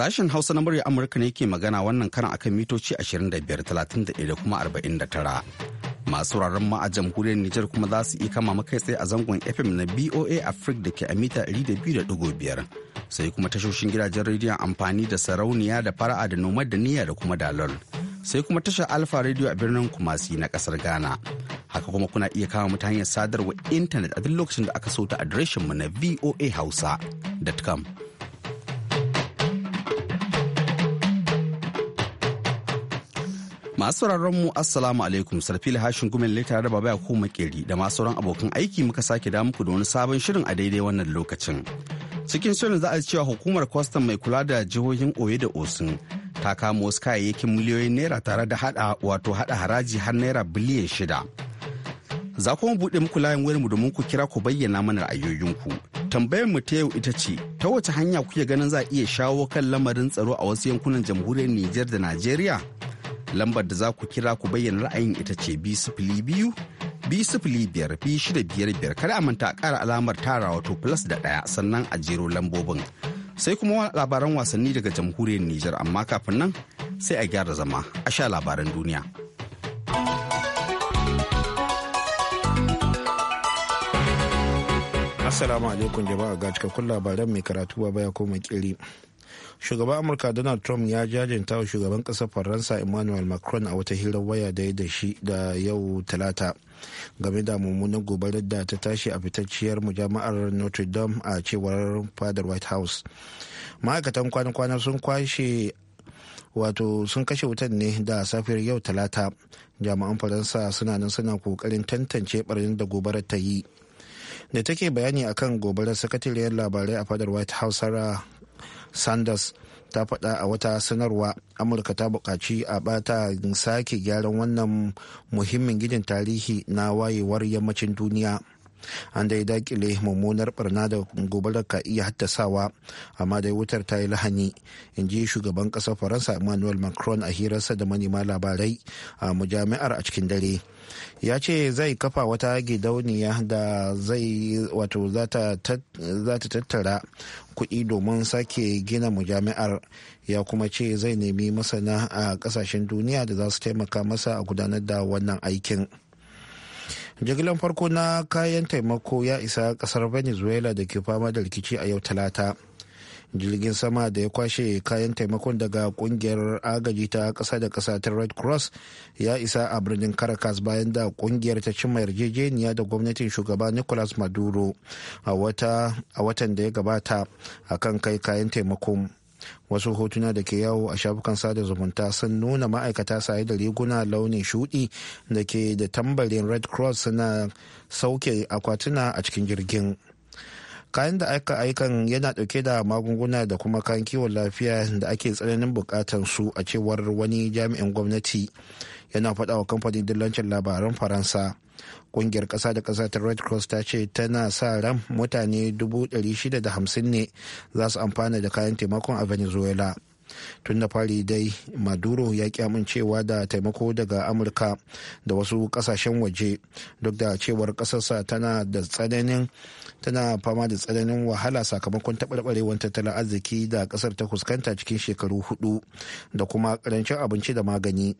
Sashen Hausa na murya Amurka ne ke magana wannan karan akan mitoci 25,31 da kuma 49. Masu wuraren ma a jamhuriyar Nijar kuma za su iya kama makai tsaye a zangon FM na BOA Africa da ke a mita 200.5. Sai kuma tashoshin gidajen rediyon amfani da sarauniya da fara'a da noma da niyya da kuma dalol. Sai kuma tashar Alfa Radio a birnin Kumasi na kasar Ghana. Haka kuma kuna iya kama mutane hanyar sadarwa intanet a duk lokacin da aka so ta adireshinmu na voa hausa.com. Masu sauraron mu Assalamu alaikum Sarfi Hashin gumin Leta da Baba ko Makeri da masu sauran abokan aiki muka sake da muku da wani sabon shirin a daidai wannan lokacin. Cikin shirin za a cewa hukumar kwastam mai kula da jihohin oye da Osun ta kama wasu kayayyakin miliyoyin naira tare da hada wato hada haraji har naira biliyan shida. Za ku buɗe muku layin mu domin ku kira ku bayyana mana ra'ayoyinku. Tambayar mu ta yau ita ce ta wace hanya kuke ganin za a iya shawo kan lamarin tsaro a wasu yankunan jamhuriyar Nijar da Najeriya? lambar da za ku kira ku bayyana ra'ayin ita ce b sifili biyu b sifili biyar b shida biyar biyar kada a manta a ƙara alamar tara wato plus da ɗaya sannan a jero lambobin sai kuma labaran wasanni daga jamhuriyar nijar amma kafin nan sai a gyara zama a sha labaran duniya. Assalamu alaikum jama'a ga cikakkun labaran mai karatu ba baya ko makiri. shugaban amurka donald trump ya jajanta wa shugaban ƙasar faransa emmanuel macron a wata hirar waya da ya da shi da yau talata game da mummunan gobarar da ta tashi a fitacciyar mujama'ar notre dame a cewar fadar white house ma'aikatan kwana-kwana sun kwashe wato sun kashe wutan ne da safiyar yau talata jami'an faransa suna nan suna kokarin tantance barnin da gobarar ta yi da take bayani akan gobarar sakatariyar labarai a fadar white house sarah sanders ta faɗa a wata sanarwa amurka ta buƙaci a ɓata sake gyaran wannan muhimmin gidan tarihi na wayewar yammacin duniya an dai dakile mummunar barna da gobarar ka iya haddasawa amma dai wutar ta yi lahani in ji shugaban ƙasar faransa emmanuel macron a hirarsa da manema labarai a mujami'ar a cikin dare ya ce zai kafa wata gidauniya da zai wato za ta tattara kuɗi domin sake gina mujami'ar ya kuma ce zai nemi masana a ƙasashen duniya da za su taimaka masa a gudanar da wannan aikin. jigilan farko na kayan taimako ya isa kasar venezuela da ke fama da rikici a yau talata jirgin sama da ya kwashe kayan taimakon daga kungiyar agaji ta kasa da kasa ta red cross ya isa a birnin caracas bayan da kungiyar ta cimma yarjejeniya da gwamnatin shugaba nicolas maduro a watan da ya gabata a kan kai kayan taimakon wasu hotuna da ke yawo a shafukan sada zumunta sun nuna ma'aikata saye da riguna launin shudi da ke da tambarin red cross suna sauke akwatuna a cikin jirgin kayan da aka aikan yana dauke da magunguna da kuma kayan kiwon lafiya da ake tsananin bukatan su a cewar wani jami'in gwamnati yana faɗa wa kamfanin dillancin labaran faransa kungiyar ƙasa da kasa ta red cross ta ce tana sa ran mutane 650 ne za su amfana da kayan taimakon a venezuela tun da fari dai maduro ya ki amincewa da taimako daga amurka da wasu kasashen waje duk da cewar kasarsa tana da tsananin tana fama da tsananin wahala sakamakon taɓarɓarewar tattalin arziki da kasar ta fuskanta cikin shekaru hudu da kuma karancin abinci da magani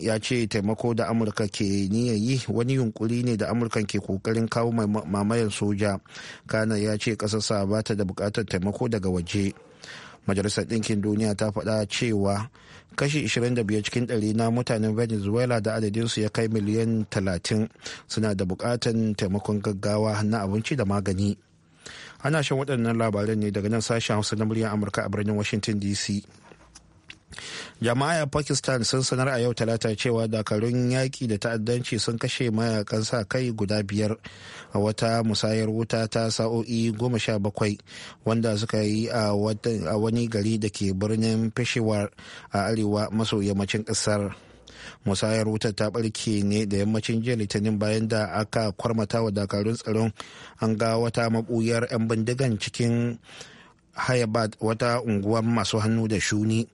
ya ce taimako da amurka ke niyyar yi wani yunkuri ne da amurkan ke kokarin kawo mamayar soja kana ya ce kasarsa ba ta da bukatar taimako daga waje majalisar ɗinkin duniya ta faɗa cewa kashi 25 cikin ɗari na mutanen venezuela da adadinsu ya kai miliyan 30 suna da buƙatar taimakon gaggawa na abinci da magani ana shan waɗannan labaran ne daga nan sashen hausa na muryar amurka a birnin washington dc jama'a pakistan sun sanar a yau talata cewa dakarun yaƙi da ta'addanci sun kashe mayakan sa kai guda biyar a wata musayar wuta ta sa'o'i goma sha bakwai wanda suka yi a wani gari da ke birnin peshawar a arewa maso yammacin ƙasar musayar wutar ta ɓarke ne da yammacin jiya litinin bayan da aka kwarmata wa dakarun tsaron an ga wata mabuyar 'yan bindigan cikin hayabat wata unguwar masu hannu da shuni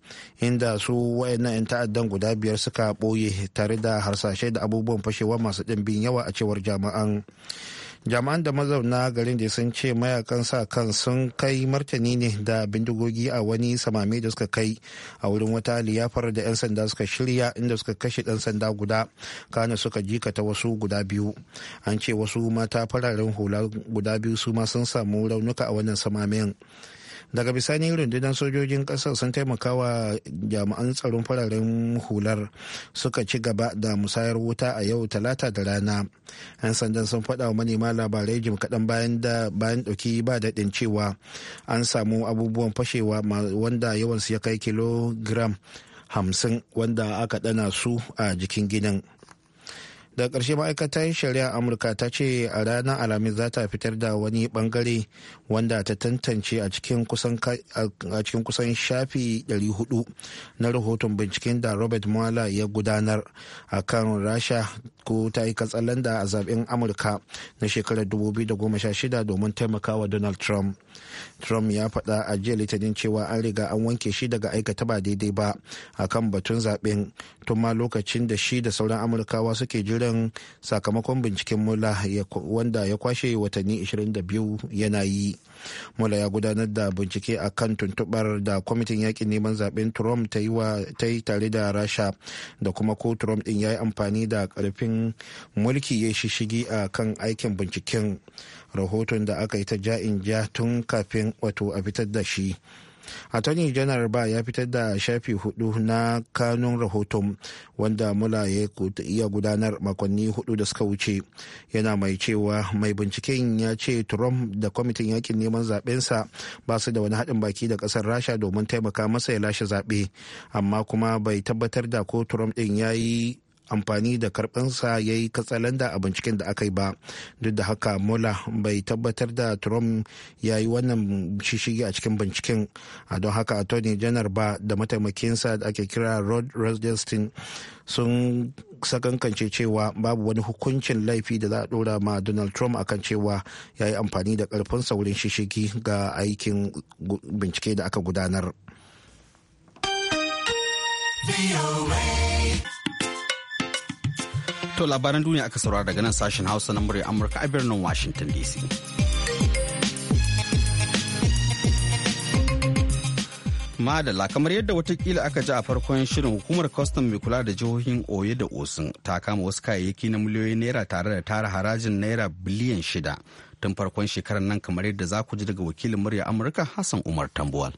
inda su wayannan 'yan ta'addan guda biyar suka ɓoye tare da harsashe da abubuwan fashewa masu ɗimbin yawa a cewar jama'an jama'an da mazauna garin da sun ce mayakan sa kan sun kai martani ne da bindigogi a wani samame da suka kai a wurin wata liyafar da 'yan sanda suka shirya inda suka kashe dan sanda guda kana suka jikata wasu guda biyu an ce wasu mata fararen hula guda biyu su ma sun samu raunuka a wannan samamen daga bisani rundunar sojojin kasar sun taimaka wa jami'an tsaron fararen hular suka ci gaba da musayar wuta a yau talata da rana yan sandan sun faɗa wa manema labarai jim kaɗan bayan da bayan ɗauki ba daɗin cewa an samu abubuwan fashewa wanda yawansu ya kai kilogiram hamsin wanda aka ɗana su a jikin gidan. da ƙarshe ma'aikatar shari'a amurka ta ce a ranar alhamis za ta fitar da wani bangare wanda ta tantance a cikin kusan shafi 400 na rahoton binciken da robert mueller ya gudanar a kan rasha ko ta yi katsalanda a zaben amurka na shekarar 2016 domin taimakawa donald trump trump ya faɗa a jiya litinin cewa an riga an wanke shi daga aikata ba daidai ba a kan batun zaben tun ma lokacin da shi da sauran amurkawa suke jiran sakamakon binciken mula wanda ya kwashe watanni 22 yana yi mula ya gudanar da bincike a kan tuntubar da kwamitin yakin neman zaben trump ta yi tare da rasha da kuma ko trump din ya yi amfani da karfin mulki ya shishigi a kan aikin binciken rahoton da aka yi ta ja'in ja tun kafin wato a fitar da shi attorney janar ba ya fitar da shafi hudu na kanun rahoton wanda mula ya gudanar makonni hudu da suka wuce yana mai cewa mai binciken ya ce trump da kwamitin yakin neman zabensa ba su da wani haɗin baki da ƙasar rasha domin taimaka masa ya lashe zaɓe amma kuma bai tabbatar da ko trump ɗin ya yi amfani da karbinsa ya yi katsalanda a binciken da aka yi ba duk da haka mola bai tabbatar da trump ya yi wannan shishigi a cikin binciken a don haka attorney janar ba da mataimakinsa da ake kira rod rosenstein sun sakankance cewa babu wani hukuncin laifi da za a dora ma donald trump akan cewa ya yi amfani da karfinsa wurin shishigi ga aikin bincike da aka gudanar. To labaran duniya aka saurara daga nan sashen Hausa na murya Amurka a birnin Washington DC. Madala kamar yadda watakila aka ji a farkon shirin hukumar kwastam mai kula da jihohin oye da Osun ta kama wasu kayayyaki na miliyoyin naira tare da tara harajin naira biliyan shida tun farkon shekarar nan kamar yadda za ku ji daga wakilin murya Amurka Hassan Umar Tambuwal.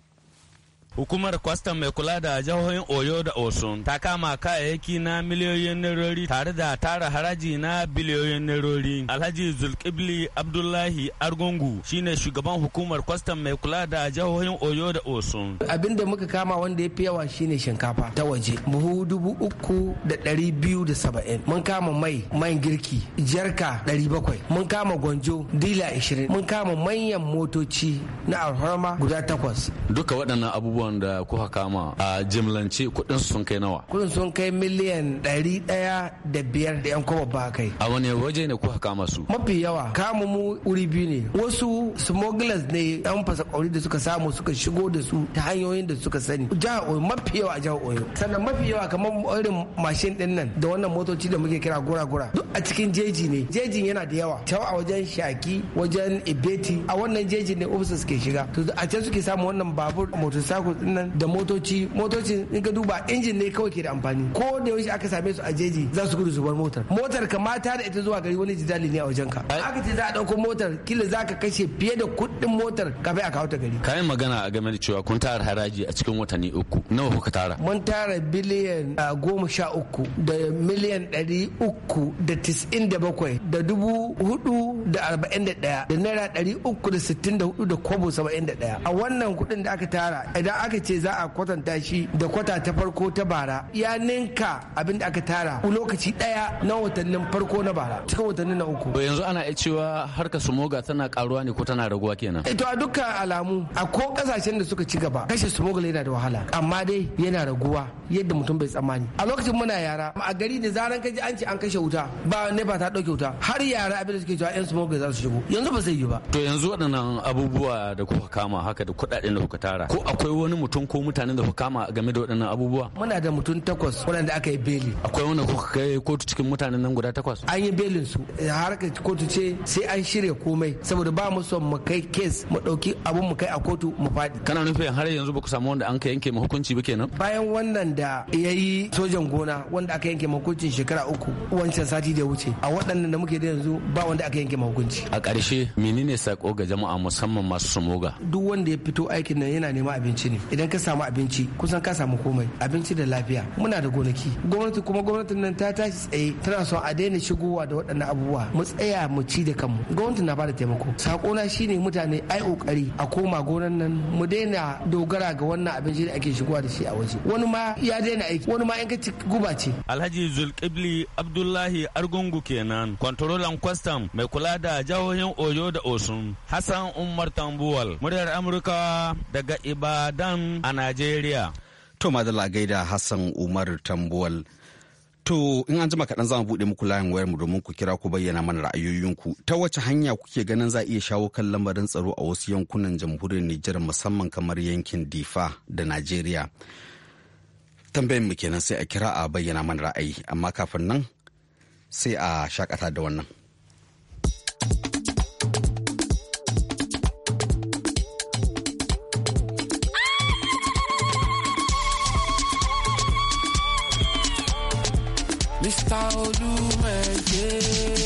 Hukumar kwastam mai kula da jihohin Oyo da Osun ta kama kayayyaki na miliyoyin nerori tare da tara haraji na biliyoyin nerori. Alhaji Zulkibli Abdullahi Argungu shine shugaban hukumar kwastam mai kula da jihohin Oyo da Osun. Abin da muka kama wanda ya fi yawa shine shinkafa ta waje buhu dubu uku da ɗari biyu da saba'in. Mun kama mai man girki jarka ɗari bakwai. Mun kama gwanjo dila ashirin. Mun kama manyan motoci na alhorma guda takwas. Duka waɗannan abubuwan abubuwan da kuka kama a jimlanci kudin sun kai nawa kudin sun kai miliyan ɗari daya da biyar da yan kwaba ba kai a wani waje ne kuka kama su mafi yawa kama mu wuri biyu ne wasu smugglers ne yan fasa kwauri da suka samu suka shigo da su ta hanyoyin da suka sani jihar oyo mafi yawa a jihar oyo sannan mafi yawa kamar irin mashin ɗin nan da wannan motoci da muke kira gura-gura duk a cikin jeji ne jejin yana da yawa cewa a wajen shaki wajen ibeti a wannan jeji ne ofisar suke shiga to a can suke samu wannan babur motorcycle da motoci motoci in ka duba injin ne kawai ke da amfani ko da yaushe aka same su a jeji za su gudu zubar motar motar ka mata da ita zuwa gari wani jidali ne a wajen ka aka ce za a dauko motar kila za ka kashe fiye da kuɗin motar kafin a kawo ta gari kayan magana a game da cewa kun tara haraji a cikin watanni uku nawa kuka tara mun tara biliyan goma sha uku da miliyan ɗari uku da tis'in da bakwai da dubu hudu da arba'in da ɗaya da naira ɗari uku da sittin da hudu da kwabo saba'in da ɗaya a wannan kuɗin da aka tara idan aka ce za a kwatanta shi da kwata ta farko ta bara ya ninka abin da aka tara lokaci daya na watannin farko na bara cikin watannin na uku to yanzu ana iya cewa harkar sumoga tana karuwa ne ko tana raguwa kenan eh, to a dukkan alamu a ko kasashen da suka ci gaba kashe sumoga yana da wahala amma dai yana raguwa yadda mutum bai tsammani a lokacin muna yara a gari da zaran kaji an ce an kashe wuta ba ne ba ta dauke wuta har yara abin da suke cewa yan sumoga za su shigo yanzu ba zai yi ba to yanzu waɗannan abubuwa da kuka kama haka da kuɗaɗen da kuka tara ko akwai wani wani mutum ko mutanen da kuka kama game da waɗannan abubuwa muna da mutum takwas waɗanda aka yi beli akwai wanda ku kai kotu cikin mutanen nan guda takwas an yi belin su eh, ka kotu ce sai an shirya komai saboda ba mu son mu kai kes mu ɗauki abun mu kai a kotu mu faɗi kana nufin har yanzu ba ku samu wanda an ka yanke ma hukunci ba kenan bayan wannan da ya yi sojan gona wanda aka yanke ma hukuncin shekara uku wancan sati da ya wuce a waɗannan da muke da yanzu ba wanda aka yanke ma hukunci a ƙarshe menene sako ga jama'a musamman masu sumoga duk wanda ya fito aikin nan yana neman abinci ne ne idan ka samu abinci kusan ka samu komai abinci da lafiya muna da gonaki gwamnati kuma gwamnatin nan ta tashi tsaye tana son a daina shigowa da waɗannan abubuwa mu tsaya mu ci da kanmu gwamnati na bada taimako sakona shine mutane ai kokari a koma gonan nan mu daina dogara ga wannan abinci da ake shigowa da shi a waje wani ma ya daina aiki wani ma in ka ci guba ce alhaji zulkibli abdullahi argungu kenan kwantarolan kwastam mai kula da jihohin oyo da osun hassan umar tambuwal muryar amurka daga ibadan nan a Najeriya. To madalla gaida Hassan Umar Tambuwal. To in an jima kaɗan za mu buɗe muku layin wayarmu domin ku kira ku bayyana mana ra'ayoyinku. Ta wace hanya kuke ganin za a iya shawo kan lamarin tsaro a wasu yankunan jamhuriyar Nijar musamman kamar yankin Difa da Najeriya? Tambayin mu kenan sai a kira a bayyana mana ra'ayi amma kafin nan sai a shakata da wannan. Está tudo bem. É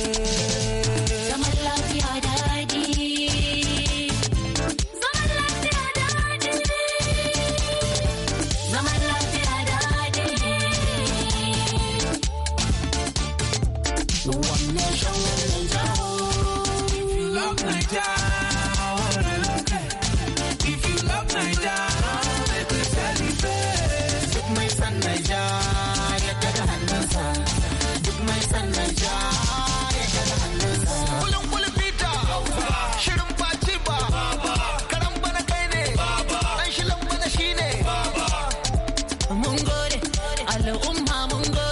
i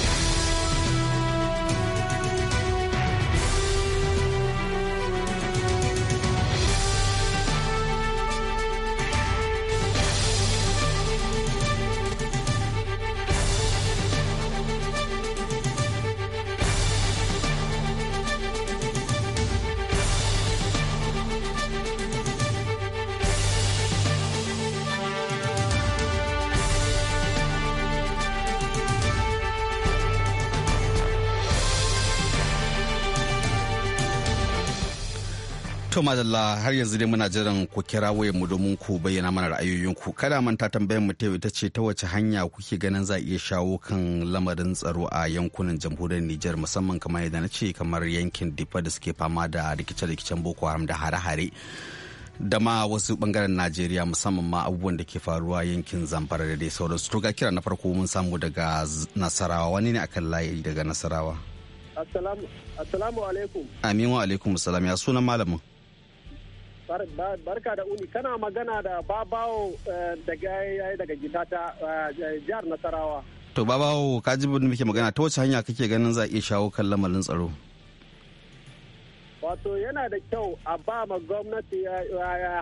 madalla har yanzu dai muna jiran ku kira wayar mu domin ku bayyana mana ra'ayoyinku. Kada manta tambayar mu ta ce ta wace hanya kuke ganin za iya shawo kan lamarin tsaro a yankunan jamhuriyar Nijar musamman kamar yadda na ce kamar yankin Difa da suke fama da rikice-rikicen Boko Haram da hare-hare. da ma wasu bangaren Najeriya musamman ma abubuwan da ke faruwa yankin Zamfara da dai sauransu. To ga kira na farko mun samu daga Nasarawa wani ne akan layi daga Nasarawa. Assalamu alaikum. Amin wa alaikum salam ya sunan malamin. barka da uni kana magana da babawo eh, daga eh, daga ta eh, jihar nasarawa to babawo ka ji da muke magana ta wace hanya kake ganin za a iya shawo kan lamarin tsaro wato yana da kyau a ba ma gwamnati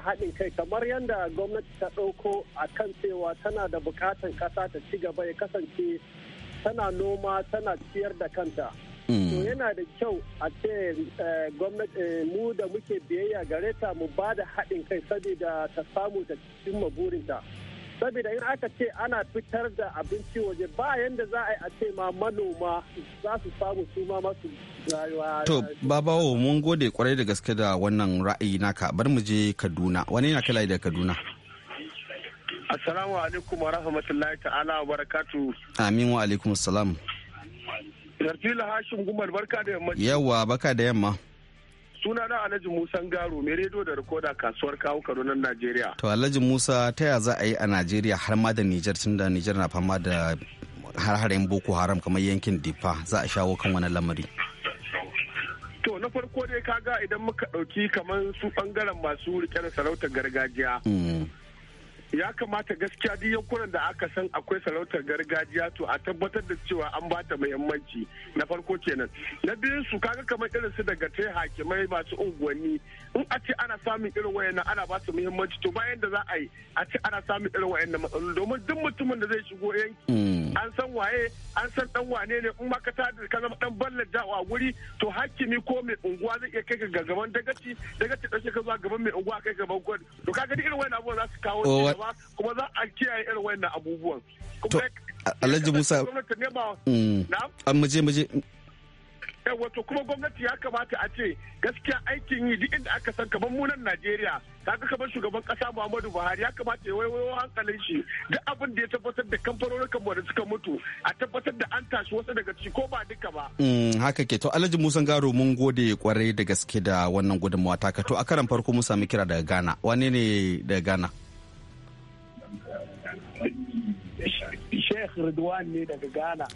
haɗin kai kamar yadda gwamnati ta ɗauko a kan cewa tana da buƙatar ƙasa ta ci gaba ya kasance tana noma tana ciyar da kanta Mm. to yana da kyau a ce eh, gwamnati eh, mu da muke biyayya gare ta mu ba da haɗin kai saboda ta samu da cimma ta saboda in aka ce ana fitar da abinci waje ba yanda za a yi a ce ma manoma za su samu su ma masu rayuwa. To babawo mun gode kwarai da gaske da wannan ra'ayi naka bar mu je Kaduna wani yana kala da Kaduna. Assalamu alaikum wa rahmatullahi ta'ala wa barakatu. Amin wa alaikum salam. Sarfila lahashin Gumar barka da yamma. Yawwa barka da yamma. Suna na Alhaji Musa Garo mai rediyo da rikoda kasuwar kawo nan Najeriya. To Alhaji Musa ta ya za a yi a Najeriya har ma da Nijar tun da Nijar na fama da har-haren Boko Haram kamar yankin Difa za a shawo kan wani lamari. To na farko dai kaga idan muka ɗauki kamar su ɓangaren masu rike da sarautar gargajiya. Mm. ya kamata gaskiya duk yankunan da aka san akwai sarautar gargajiya to a tabbatar da cewa an ba ta muhimmanci na farko kenan na biyun su kaga kamar irin su daga tai hakimai masu unguwanni in a ce ana samun irin wayannan ana ba su muhimmanci to bayan da za a yi a ce ana samun irin wayannan matsaloli domin duk mutumin da zai shigo yanki hmm. an san waye an san dan wane ne in ka ta ka zama dan ballar a wuri to hakimi ko mai unguwa zai iya kai ka gaban dagaci dagaci dan shi ka zuwa gaban mai unguwa kai gaban gwad to kaga irin wayannan abubuwan za su kawo oh, gaba kuma za a kiyaye irin wayannan abubuwan kuma Alhaji Musa an mm, muje muje wato kuma gwamnati ya kamata a ce gaskiya aikin yi duk inda aka san kamar munan najeriya kaga kamar shugaban kasa muhammadu buhari ya kamata ya waiwayo hankalin shi duk abin da ya tabbatar da kamfanonin da suka mutu a tabbatar da an tashi wasu daga ciki ko ba duka ba. Mm, haka ke to alhaji musan garo mun gode kwarai da gaske da wannan gudunmawa taka to a karan farko mun sami kira daga ghana wane ne daga ghana. Sheikh Ridwan ne daga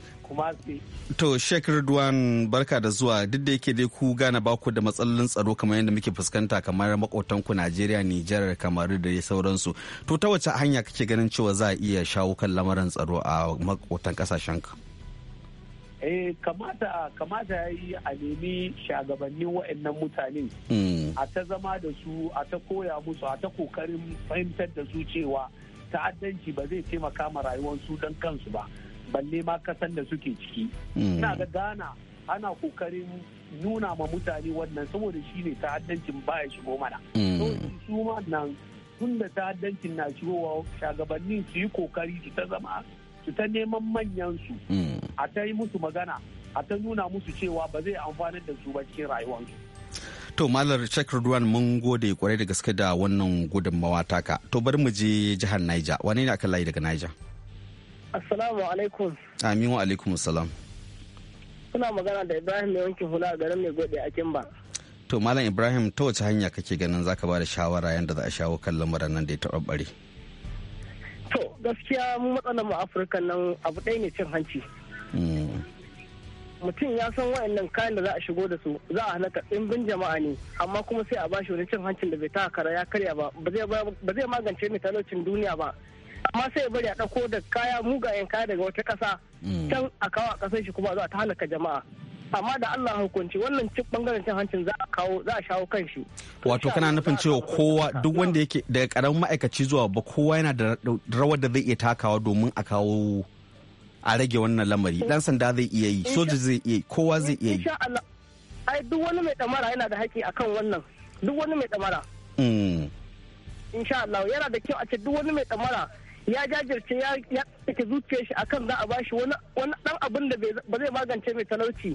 To Sheikh Ridwan barka da zuwa duk da yake dai ku Ghana ba ku da matsalolin tsaro kamar yadda muke fuskanta kamar makotan ku Najeriya, Nijar, Kamaru da sauransu. To ta wace hanya kake ganin cewa za a iya shawo kan lamarin tsaro a makotan kasashen ka? eh kamata kamata ya yi a nemi shagabannin wa'annan mutane hmm. a ta zama da su a ta koya musu a ta kokarin fahimtar da su cewa ta'addanci ba zai taimaka ma rayuwar su don kansu ba balle ma kasan da suke ciki hmm. ina ga gana ana kokarin nuna ma mutane wannan saboda shi ne ta'addancin baya shigo mana hmm. su nan tun da ta'addancin na shigowa shagabannin su yi kokari su ta zama su ta neman manyansu hmm. a ta yi musu magana a ta nuna musu cewa ba zai amfanar da su ba cikin rayuwarsu To Malar Sheikh Rudwan mun gode kwarai da gaske da wannan gudunmawa taka. To bari mu je jihar Niger. Wane ne aka layi daga Niger? Assalamu alaikum. Amin wa alaikum salam. Suna magana da Ibrahim mai yankin hula a garin mai gode a Kimba. To Malam Ibrahim ta wace hanya kake ganin zaka ba da shawara yadda za a shawo kan lamuran nan da ya bari To gaskiya mu matsalar mu Afirka nan abu ɗaya ne cin hanci. Hmm. mutum ya san wa'annan kayan da za a shigo da su za a halaka ɗimbin jama'a ne amma kuma sai a ba shi wani cin hancin da bai ta kara ya karya ba ba zai magance ni talocin duniya ba amma sai bari a ɗauko da kaya mugayen kaya daga wata ƙasa mm. can a kawo a ƙasar shi kuma za a ta halaka jama'a amma da Allah hukunci wannan cin bangaren cin hancin za a kawo za a shawo kan shi. Wato kana nufin cewa kowa duk wanda yake daga karamin ma'aikaci zuwa ba kowa yana da rawar da zai iya takawa domin a kawo a rage wannan lamari dan sanda zai iya yi soja zai iya yi kowa zai iya yi ai duk wani mai damara yana da haƙƙi akan wannan duk wani mai damara mm. insha Allah yana da kyau a ce duk wani mai damara ya jajirce ya ya zuciyar shi akan za a bashi wani wani dan abin da ba zai magance mai talauci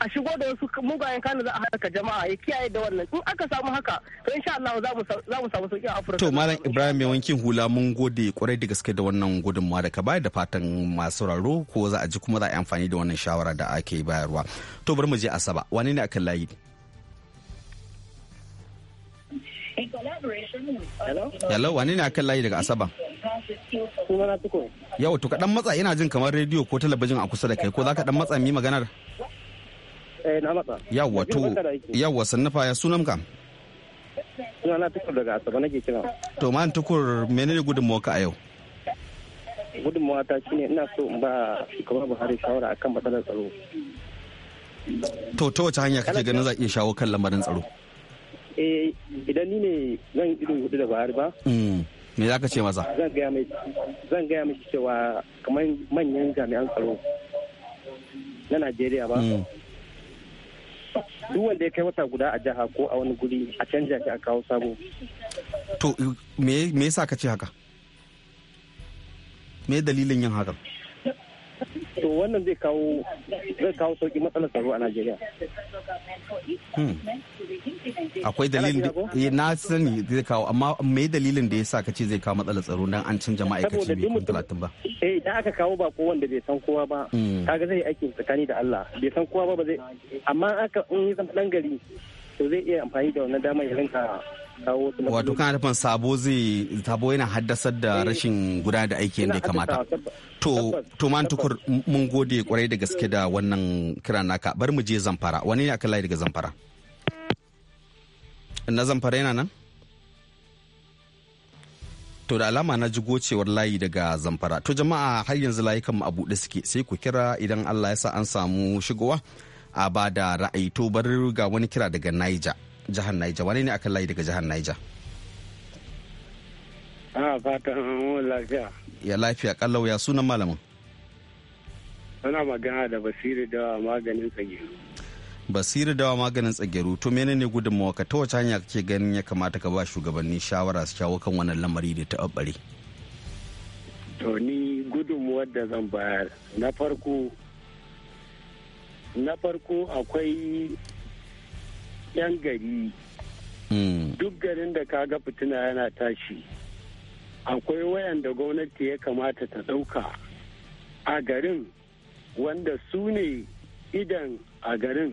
a shigo da wasu mugayen kanu za a haka jama'a ya kiyaye da wannan in aka samu haka to insha Allah za mu za mu samu sauki a Afirka to malam Ibrahim wankin hula mun gode kwarai da gaske da wannan gudunmawa da ka bayar da fatan masu raro ko za a ji kuma za a yi amfani da wannan shawara da ake bayarwa to bari mu je Asaba wani ne akan layi Hello, wani ne akan layi daga Asaba? Yau to kaɗan matsa yana jin kamar rediyo ko talabijin a kusa da kai ko za ka ɗan matsa mi maganar? Eh na matsa. Yawwa to yawwa sannufa ya sunan ka? Sunana tukur daga Asaba nake kira. To man tukur menene gudunmuwa ka a yau? Gudunmuwa ta shine ina so in ba kamar Buhari shawara akan matsalar tsaro. To ta wace hanya kake ganin za iya shawo kan lamarin tsaro? Eh idan ni ne zan irin hudu da Buhari ba. Mm. me za ka ce masa zan gaya miki cewa kamar manyan jami'an tsaro na najeriya ba hmm. duk wanda ya kai wata guda a jiha ko a wani guri a canja shi a kawo sabo to me yasa ka ce haka me dalilin yin haka. to wannan zai kawo zai kawo sauki matsalar tsaro a Najeriya. Hmm. Akwai dalilin da eh, na sani zai kawo amma me dalilin da ya sa ka ce zai kawo matsalar tsaro dan an canja ma'aikaci bai kun talatin ba. Eh idan aka kawo ba ko wanda bai san kowa ba hmm. kaga zai aiki tsakani da Allah bai san kowa ba ba zai amma aka in yi zan dan gari to zai iya amfani da wannan damar ya rinka wato kana nufin sabo zai sabo yana haddasar da eh, rashin gudanar da aiki yadda ya kamata to to man tukur mun gode kwarai da gaske da wannan kiran naka bari mu je zamfara wani ne aka layi daga zamfara na zamfara yana nan to da alama na ji gocewar layi daga zamfara to jama'a har yanzu layukan mu a buɗe suke sai ku kira idan Allah ya sa an samu shigowa a ba da ra'ayi to bari ga wani kira daga Niger jihar Niger wane ne akan layi daga jihar Niger a fatan mu lafiya ya lafiya kallau ya sunan malamin suna magana da basiru dawa maganin tsageru basiru dawa maganin tsageru to menene gudunmawa ka ta wace hanya kake ganin ya kamata ka ba shugabanni shawara su shawo kan wannan lamari da taɓaɓɓare to ni gudunmawar da zan bayar na farko na farko akwai 'yan gari hmm. duk garin da ka ga fitina yana tashi akwai wayan da gwamnati ya kamata ta ɗauka a garin wanda su ne idan a garin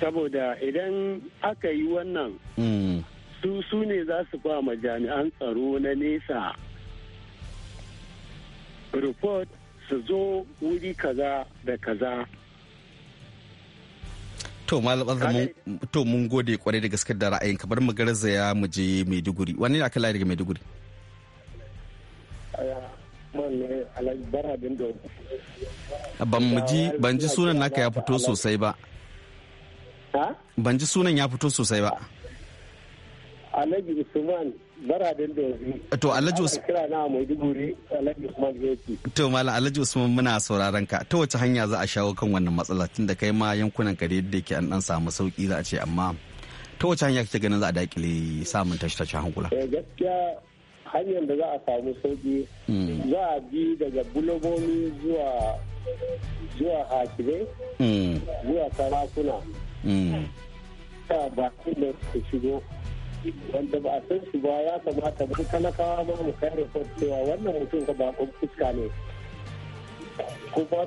saboda idan aka yi wannan hmm. su su ne za su ba ma jami'an tsaro na nesa report su zo wuri kaza da kaza To malam azumin to mun gode kwarai da gaske da ra'ayin bar mu garzaya mu je Maiduguri. Wani ne aka daga Maiduguri? Ban mu ji ban ji sunan naka ya fito sosai ba. Ban ji sunan ya fito sosai ba. Alhaji Usman Baradin da To Alhaji Usman. Kira na Maiduguri Alhaji Usman yake. To Malam Alhaji Usman muna sauraron ka. Ta wace hanya za a shawo kan wannan matsala tun da kai ma yankunan ka da yadda yake an dan samu sauki za a ce amma ta wace hanya kake ganin za a dakile samun tashi tashi hankula? Eh, gaskiya hanyar da za a samu sauki hmm. za a bi daga bulobomi zuwa zuwa hakime hmm. zuwa sarakuna. Hmm. Ba da su shigo wanda ba a san shi ba ya kamata ba talakawa ma mu kai report cewa wannan mutum ka bakon fuska ne kuma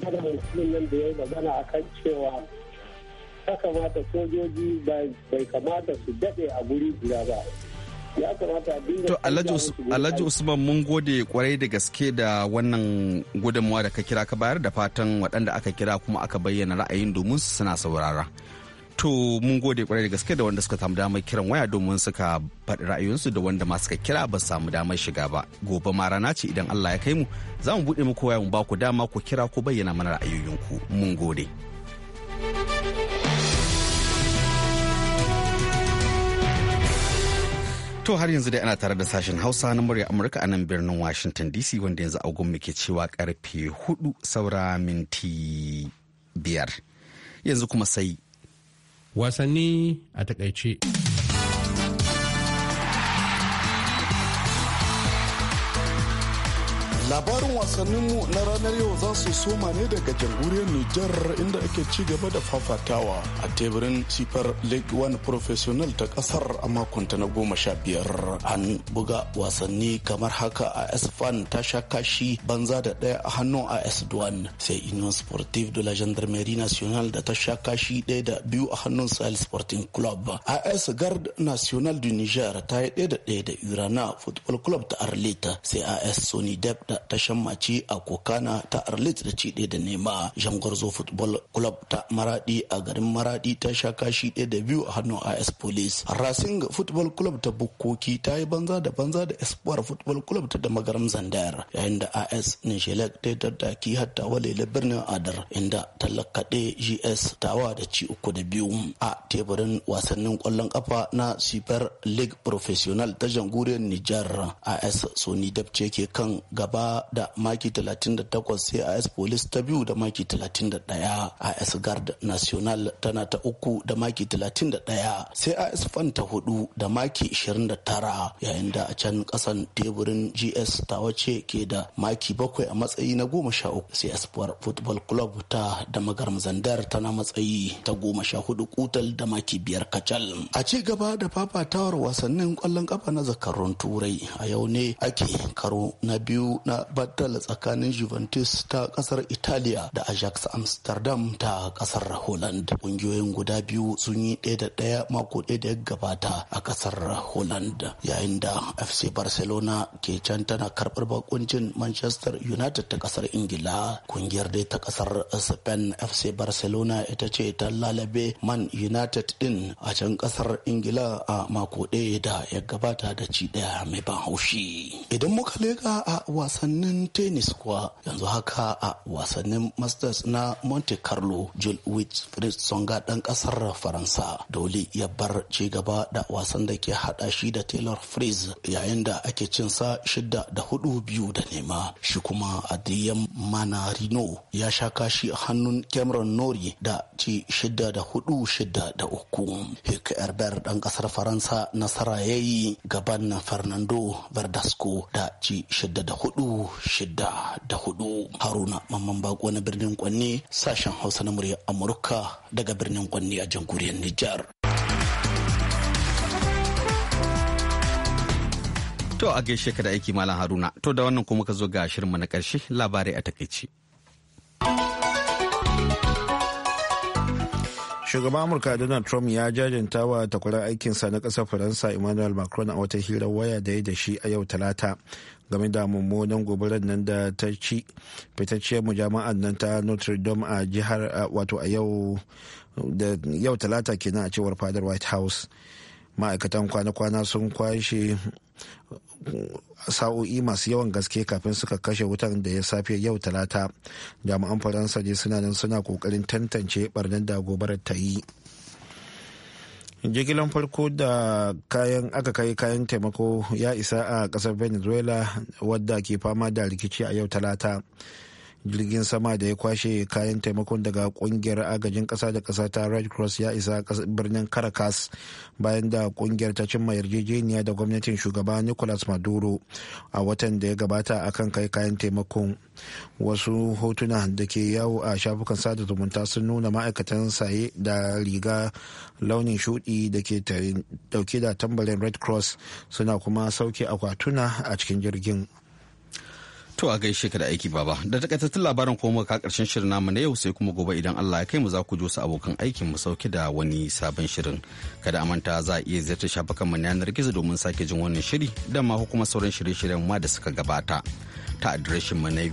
ka da mutumin nan da ya yi magana a kan cewa ya kamata sojoji bai kamata su daɗe a guri guda ba ya kamata to alhaji usman mun gode kwarai da gaske da wannan gudunmawa da ka kira ka bayar da fatan waɗanda aka kira kuma aka bayyana ra'ayin domin suna saurara to mun gode kwarai da gaske da wanda suka samu damar kiran waya domin suka faɗi ra'ayoyinsu da wanda masu suka kira ba samu damar shiga ba gobe ma rana ce idan Allah ya kai mu za mu buɗe muku waya mu ba ku dama ku kira ko bayyana mana ra'ayoyinku mun gode To har yanzu dai ana tare da sashen Hausa na murya Amurka a nan birnin Washington DC wanda yanzu agun muke cewa karfe hudu saura minti biyar. Yanzu kuma sai wasanni a takaice. labarin wasanninmu na ranar yau za su soma ne daga jamhuriyar Nijar inda ake ci gaba da fafatawa a teburin sifar League One Professional ta kasar a makonta na goma sha biyar. An buga wasanni kamar haka a fan ta sha kashi banza da ɗaya a hannun AS Duan sai Union Sportive de la Gendarmerie Nationale da ta sha kashi ɗaya da biyu a hannun Sahel Sporting Club. s Guard National du Niger ta yi ɗaya da ɗaya da Urana Football Club ta Arleta sai AS Sony da ta shammaci a kokana ta arlit da ci da nema jangwarzo football club ta maradi a garin maradi ta sha kashi ɗaya da biyu a hannun as police racing football club ta Bukoki ta yi banza da banza da espoir football club ta da magaram zandar yayin da as nishelek ta yi daddaki hatta la birnin adar inda talakaɗe gs tawa da ci uku da biyu a teburin wasannin kwallon kafa na super league professional ta jamhuriyar nijar as Soni dabce ke kan gaba da maki 38 CIS Police ta biyu da maki 31 AS Guard National tana ta uku da maki 31 CIS Fan ta hudu da maki 29 yayin da a can kasan teburin GS ta wace ke da maki 7 a matsayi na 13 CIS uku Football Club ta da magaram Zandar tana matsayi ta 14 kutal da maki 5 kacal. A ci gaba da fafatawar wasannin kwallon kafa na zakarun turai a yau ne ake karo na biyu na na batal tsakanin Juventus ta kasar Italiya da Ajax Amsterdam ta kasar Holland. Kungiyoyin guda biyu sun yi ɗaya da ɗaya mako ɗaya da ya gabata a kasar Holland yayin da FC Barcelona ke can tana karbar bakuncin Manchester United ta kasar Ingila. Kungiyar dai ta kasar Spain FC Barcelona ita ce ta lalabe Man United din a can kasar Ingila a mako ɗaya da ya gabata da ci ɗaya mai ban haushi. Idan muka leka a wasan wasannin tennis kuwa yanzu haka a wasannin masters na monte carlo jill witz fritz songa dan kasar faransa dole ya bar ci gaba da wasan da ke hada shi da taylor fritz yayin da ake cin sa shida da hudu biyu da nema shi kuma adrian manarino ya sha kashi hannun cameron nori da ci shida da hudu shida da uku hik herbert dan kasar faransa nasara yayi yi gaban fernando verdasco da ci shida da hudu shida da hudu haruna mamman bako na birnin kwanne sashen hausa na murya amurka daga birnin kwanne a jamhuriyar nijar To a gaishe ka da aiki Malam Haruna. To da wannan kuma ka zo ga shirinmu na karshe labarai a takaici. Shugaban Amurka Donald Trump ya jajanta wa takwarar aikinsa na ƙasar Faransa Emmanuel Macron a wata hirar waya da ya da shi a yau Talata game da mummunan gobarar nan da ta ci fitacciyar mujama'an nan ta notre dame a jihar wato a yau da yau talata kenan a cewar fadar white house ma'aikatan kwana-kwana sun kwashe sa'o'i masu yawan gaske kafin suka kashe wutan da ya safe yau talata jami'an faransa ne suna nan suna kokarin tantance barnan da gobarar ta yi jigilan farko da kayan aka kai kayan taimako ya isa a kasar venezuela wadda ke fama da rikici a yau talata jirgin sama da ya kwashe kayan taimakon daga kungiyar agajin kasa da kasa ta red cross ya isa birnin caracas bayan da kungiyar ta cimma yarjejeniya da gwamnatin shugaba nicolas maduro a watan da ya gabata akan kai kayan taimakon wasu hotuna da ke yawo a shafukan sada zumunta sun nuna ma'aikatan saye da riga launin shudi da ke dauke da tambalin red cross suna kuma sauke akwatuna a cikin jirgin To a gaishe ka da aiki baba. Da takaitattun labarin kuma ka karshen shirin namu na yau sai kuma gobe idan Allah ya kai mu za ku jo su abokan aikin mu sauke da wani sabon shirin. Kada manta za a iya ziyartar shafukan mu na yanar gizo domin sake jin wannan shiri da ma kuma sauran shirye-shiryen ma da suka gabata. Ta adireshin mu na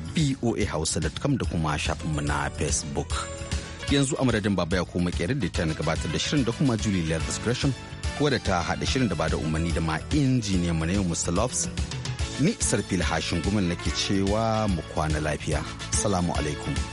hausa da kuma shafin mu na Facebook. Yanzu a madadin baba ya koma kerin da ta gabatar da shirin da kuma Julie Leather Discretion da ta haɗa shirin da ba da umarni da ma injiniyan mu na yau Mr. ni sarfil hashin gumin nake cewa mu kwana lafiya salamu alaikum